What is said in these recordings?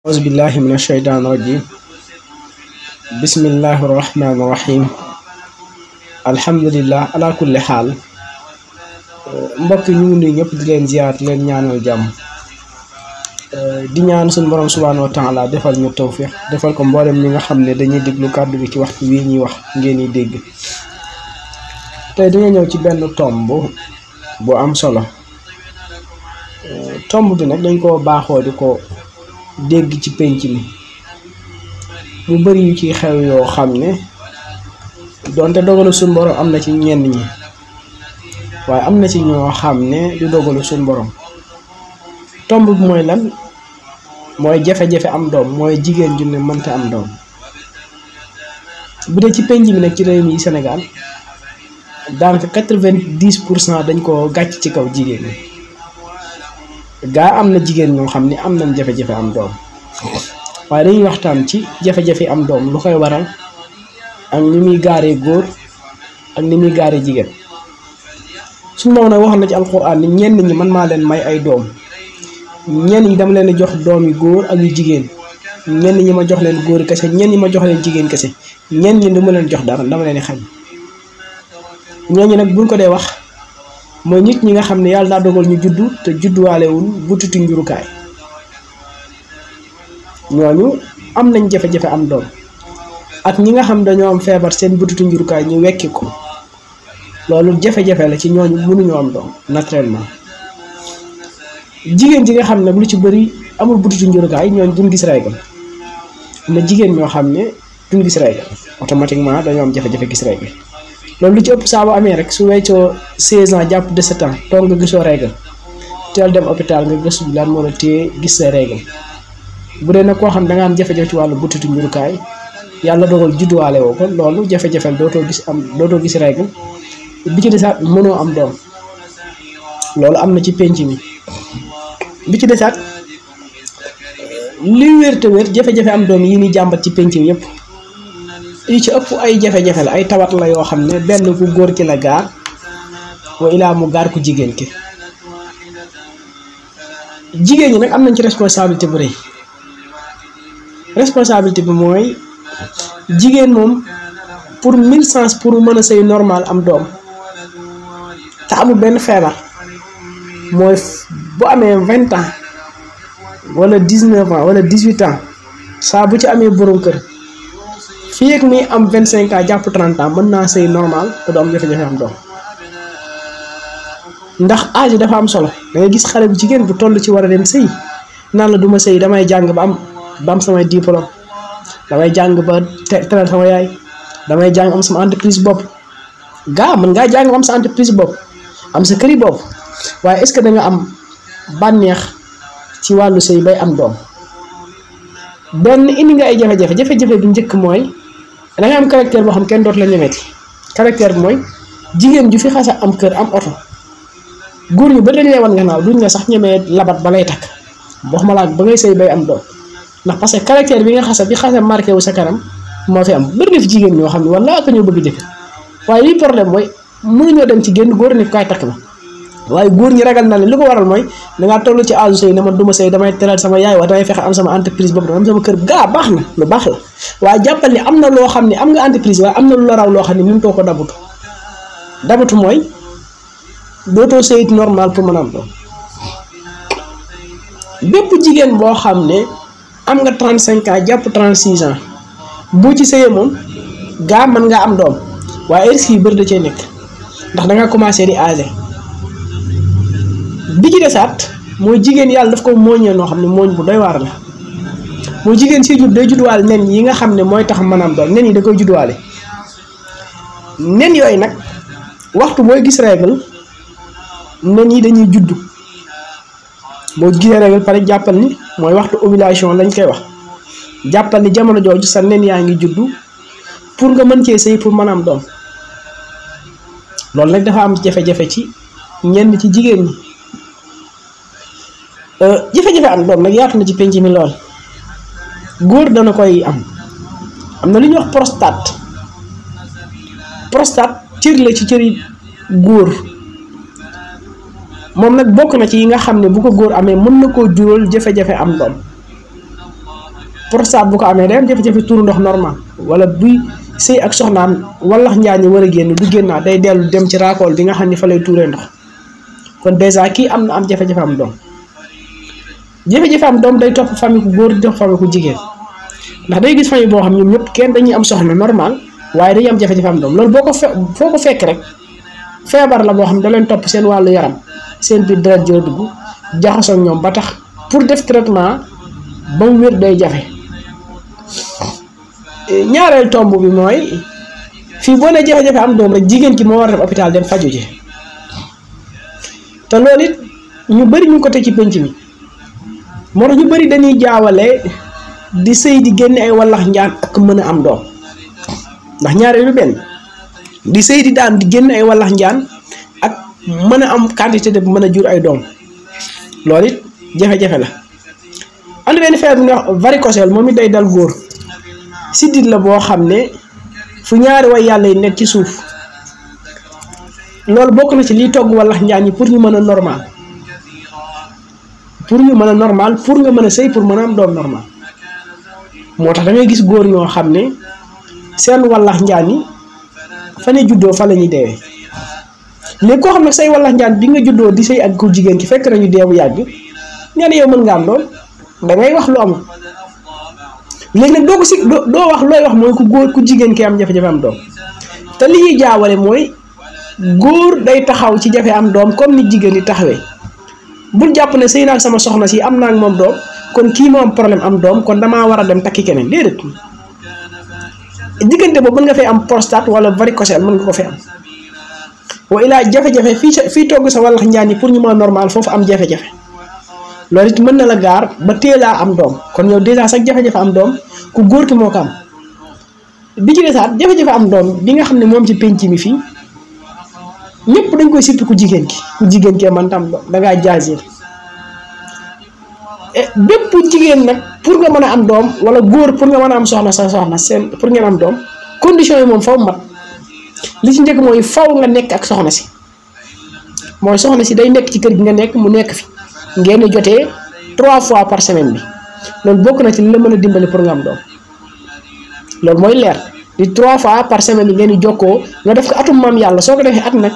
أعوذ بالله من الشيطان الرجيم بسم الله الرحمن الرحيم الحمد لله على كل حال mbokk ñu ngi nuyu ñëpp di leen ziyaar leen ñaanal jàmm di ñaan suñu borom subhaanahu wa taala defal ñu tawfiq defal ko mboolem ñi nga xam ne dañuy déglu kàddu bi ci waxtu wii ñuy wax ngeen di dégg tey dañu ñëw ci benn tomb bu am solo tomb bi nag dañ koo baaxoo di ko dégg ci penc mi mu bari yu ci xew yoo xam ne donte dogalu suñ borom am na ci ñenn ñi waaye am na ci ñoo xam ne du dogalu suñ borom tomb bi mooy lan mooy jafe-jafe am doom mooy jigéen ju ne mënta am doom bu dee ci penc mi nag ci réew mi Sénégal daanaka 90 pour cent dañ koo gàcc ci kaw jigéen ñi gaa am na jigéen ñoo xam ni am nañ jafe-jafe am doom waaye dañuy waxtaan ci jafe-jafe am doom lu koy waral ak ni muy gaaree góor ak ni muy gaaree jigéen suñu moom nag waxoon na ci alxuraan ni ñenn ñi man maa leen may ay doom ñenn ñi dama leen jox doom yu góor yu jigéen ñenn ñi ma jox leen góor kese ñenn ñi ma jox leen jigéen kese ñenn ñi du ma leen jox dara dama leen di xañ ñooñu nag buñ ko dee wax. mooy nit ñi nga xam ne yàlla daa dogal ñu juddu te judduwaalewul butitu njurukaay ñooñu am nañ jafe-jafe am doom ak ñi nga xam dañoo am feebar seen butitu njurukaay ñu wekki ko loolu jafe-jafe la ci ñooñu mënuñoo am doom naturellement jigéen ji nga xam ne lu ci bëri amul butitu njurukaay ñooñu duñ gis règle am na jigéen ñoo xam ne duñ gis règle automatiquement dañoo am jafe-jafe gis règle loolu lu ci ëpp saa bu amee rek su weccoo 16 ans jàpp 17 ans toog nga gisoo règle teel dem hôpital nga gëstu lan moo la téye gis sa règle bu dee nag koo xam da nga am jafe-jafe ci wàllu butitu njurukaay yàlla dogal judduwaale woo ko loolu jafe-jafe dootoo gis am dootoo gis règle bi ci desaat mënoo am doom am na ci penc mi bi ci desaat li wér te wér jafe-jafe am doom yi ni jàmbat ci penc mi yëpp li ci ëpp ay jafe-jafe la ay tawat la yoo xam ne benn ku góor ki la gaar wa ilaa mu gaar ku jigéen ki jigéen ñi nag am nañ ci responsabilité bu rëy responsabilité bi mooy jigéen moom pour mille sens pour mën a sëy normal am doom te amul benn feebar mooy bu amee vingt ans wala dix neuf ans wala dix huit ans saa bu ci amee borom kër fii ak muy am vingt cinq ans jàpp trente ans mën naa sëy normal te du am jafe-jafe am doom ndax âge dafa am solo da gis xale bu jigéen bu toll ci war a dem sëy naan la du ma damay jàng am ba am samay damay jàng ba teral damay jàng am sama entreprise bopp gaa mën ngaa jàng am sa am sa këri bopp waaye est-ce que da am bànneex ci wàllu sëy bay am doom benn indi nga ay jafe-jafe jafe-jafe bi njëkk mooy da am caractère boo xam kenn dootu la ñemeeti caractère bi mooy jigéen ju fi xasa am kër am oto góor ñu ba dañ lay wan gannaaw duñ la sax ñemee labat ba lay takk wax ma laaj ba ngay sëy bay am doom ndax parce que caractère bi nga xasa bi xasa marqué wu sa kanam moo fi am bëri na fi jigéen ñoo xam ne wala ak ñoo bëgg jëkk waaye lii problème mooy mënuñoo dem ci génn góor ni kaay takk ma waaye góor ñi ragal naa leen li ko waral mooy dangaa toll ci âge sëy ne man du ma sëy damay teral sama yaay waaye damay fexe am sama entreprise bopp damay am sama kër gaa baax na lu baax la waaye jàppal ne am na loo xam ne am nga entreprise waaye am na lu la raw loo xam ne mënu too ko dabatu dabatu mooy dootoo sëyit normal pour mën a jigéen boo xam ne am nga 35 ans jàpp 36 ans bu ci sëyee moom gaa mën ngaa am doom waaye risque yu bëri da cee nekk ndax da nga commencé di âgé bi ci desaat mooy jigéen yàlla daf ko mooñee noo xam ne mooñ bu doy waar la mooy jigéen si jur day judduwaale nen yi nga xam ne mooy tax maanaam doon nen yi koy judduwaale nen yooyu nag waxtu booy gis règle nen yi dañuy juddu boo gisee jàppal ni mooy waxtu ovulation lañ koy wax jàppal ni jamono jooju sa nen yaa ngi juddu pour nga mën cee sëy pour maanaam doom loolu nag dafa am jafe-jafe ci ñenn ci jigéen ñi. jafé jafé am doom nak yaat na ci mi lool da dana koy am amna na wax prostate prostate ciir la ci cëri goor mom nak bokk na ci yi nga xamné bu ko goor amé mën na ko jurool jafé jafé am doom prostate bu ko amé day jafé jafé tour ndox normal wala buy sey ak soxnaam wala njaañi wara genn du genn day delu dem ci rakol bi nga xam fa lay touré ndox kon déjà ki am am jafé jafé am doom jafe-jafe am doom day topp famille ku góor di topp famille ku jigéen ndax day gis famille boo xam ñoom ñëpp kenn dañuy am soxla normal waaye dañuy am jafe-jafe am doom loolu boo ko fe foo ko fekk rek feebar la boo xam da leen topp seen wàllu yaram seen biir deret jëla dugg jaxasoo ñoom ba tax pour def traitement ba mu wér day jafe ñaareel tomb bi mooy fii boo nee jafe-jafe am doom rek jigéen ki moo war a dem hôpital dem faju ji te loolu it ñu bëri ñu ko teg ci pénc mi moro ñu bari dañuy jaawale di sey di génne ay walax ñaan ak mëna am doom ndax ñaare lu ben di sey di daan di génn ay walax ñaan ak mëna a am quantité de mëna jur ay doom loolu it jafe-jafe la am ben fer bu wax varicocèle momi day dal goor sidid la bo fu ñaari way yalla yi nekk ci suuf bokku na ci li togg walax ñaan yi pour ñu mëna normal pour ñu mën a normal pour nga mën a sëy pour mën a am doom normal moo tax dangay gis góor ñoo xam ne seen wallax njaan yi fa ne juddoo fa la ñuy deewee léegi koo xam ne say wallax njaan bi nga juddoo di sëy ak ku jigéen ki fekk nañu deewu yàgg nga yow mën nga am doom da ngay wax lu amul léegi nag doo ko si doo wax looy wax mooy ku góor ku jigéen ki am jafe-jafe am doom te li ñuy jaawale mooy góor day taxaw ci jafe am doom comme ni jigéen di taxawee. bul jàpp ne sëy naag sama soxna si am naa naag moom doom kon kii moom problème am doom kon damaa war a dem takki keneen déedéet diggante boobu mën nga fay am prostate wala varicocèle mën nga ko fee am wa ilaa jafe fii sa fii togg sa wàllax njaan yi pour ñu mën normal foofu am jafe-jafe loolu it mën na la gaar ba teelaa am doom kon yow dèjà sax jafe-jafe am doom ku góor ki moo ko am bi ci desaat jafe-jafe am doom bi nga xam ne moom ci penc mi fii ñëpp dañ koy surtout ku jigéen ki ku jigéen kee man tam da ngaa jaasir eh, bépp jigéen nag pour nga mën a am doom wala góor pour nga mën a am soxna sa soxna seen pour ngeen am doom condition yi moom faw mat li ci njëkk mooy faw nga nekk ak soxna si mooy soxna si day nekk ci kër gi nga nekk mu nekk fi ngeen jotee trois fois par semaine bi loolu bokk na ci li la mën a dimbali pour nga am doom loolu mooy leer. di 3 fois par semaine ngeen di jokkoo nga def ko atum mam yalla soko ko at nak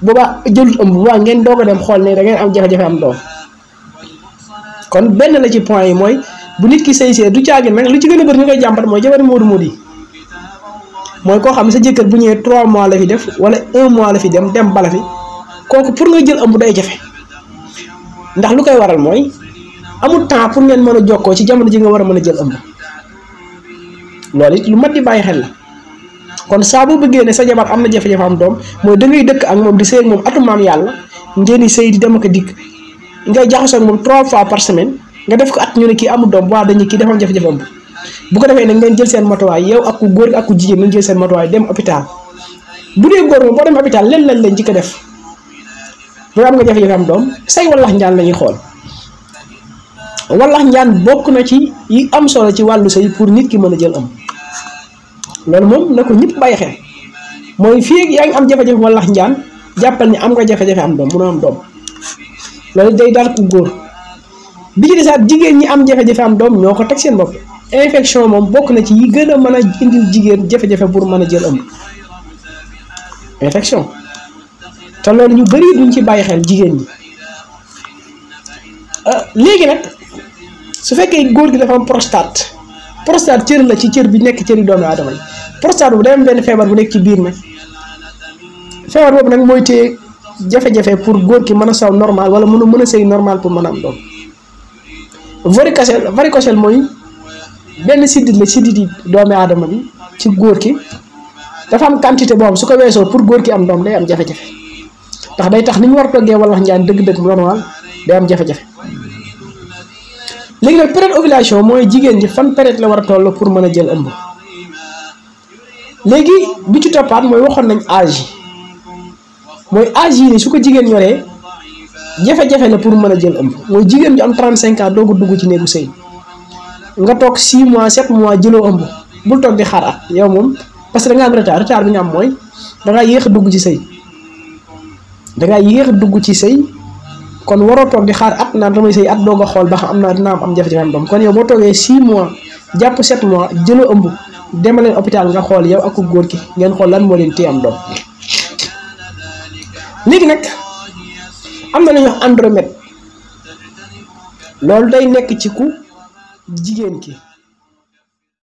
booba jëlut um booba ngeen dogo dem xol ne da ngeen am jafé jafé am do kon ben la ci point yi moy bu nit ki sey sey du ciagne nak lu ci gëna a bëri ñu koy jàmbat mooy modou moodu moodu yi xam sa jëkkër bu ñëwee 3 mois la fi def wala 1 mois la fi dem dem bala fi koku pour nga jël um day jafé ndax lu koy waral moy amul temps pour ngeen mëna joko ci jamono ji nga wara mëna jël ëmb loolu lu mat di bàyyi xel la kon saa bu bëggee ne sa jabar am na jafe-jafe am doom mooy da ngay dëkk ak moom di sëy ak moom atu maam yàlla ngeen di sëy di dem ak dikk ngay jaxasoo ak moom trois fois par semaine nga def ko at ñu ne kii amul doom waa dañuy kii defal am jafe-jafe am bu ko defee nag ngeen jël seen matuwaay yow ak ku góor ak ku jigéen ngeen jël seen matuwaay dem hôpital bu dee góor moom boo dem hôpital leen lañ leen jikko def bu am nga jafe-jafe am doom say wallax njaan lañuy ñuy xool wallax njaan bokk na ci yi am solo ci wàllu sëy pour nit ki mën a jël am loolu moom na ko ñëpp bàyyi xel mooy fii yaa ngi am jafe-jafe wala lax njaan jàppal ni am nga jafe-jafe am doom mënoo am doom loolu day dal ku góor bi ci desaat jigéen ñi am jafe-jafe am doom ñoo ko teg seen bopp infection moom bokk na ci yi gën a mën a indil jigéen jafe-jafe pour mën a jël ëmb infection te loolu ñu bëri duñ ci bàyyi xel jigéen ñi ah, léegi nag su fekkee góor gi dafa am prostate prostate cër la ci cër bi nekk cëri doomu aadama yi prostate bu day am benn feebar bu nekk ci biir nag feebar boobu nag mooy téye jafe-jafe pour góor ki mën a saw normal wala mën a mën a sëy normal pour mën a am doom varicocèle varicocèle mooy benn siddit la siddit yi doomu aadama bi ci góor ki dafa am quantité boobu su ko weesoo pour góor ki am doom day am jafe-jafe ndax day tax ni ñu war toggee wala njaan dëgg-dëgg normal day am jafe-jafe léegi nag période ovulation mooy jigéen ji fan période la war a toll pour mën a jël ëmb léegi bi ci toppaat mooy waxoon nañu âge yi mooy âge yi ni su ko jigéen yoree jafe-jafe la pour mën a jël ëmb mooy jigéen ju am 35 ans doogu dugg ci néegu sëy nga toog 6 mois 7 mois jëloo ëmb bul toog di xaar at yow moom parce que da nga am retard retard bi nga am mooy dangay yéex a dugg ci sëy da ngaa yéex dugg ci sëy kon waroo toog di xaar at naan damay sëy at doog a xool ba xam am naa dinaa am jafe-jafe doom kon yow boo toogee 6 mois jàpp 7 mois jëla ëmb demaleen hôpital nga xool yow ak góor ki ngeen xool lan moo leen téye am doom léegi nag am na lu ñuy wax loolu day nekk ci ku jigéen ki.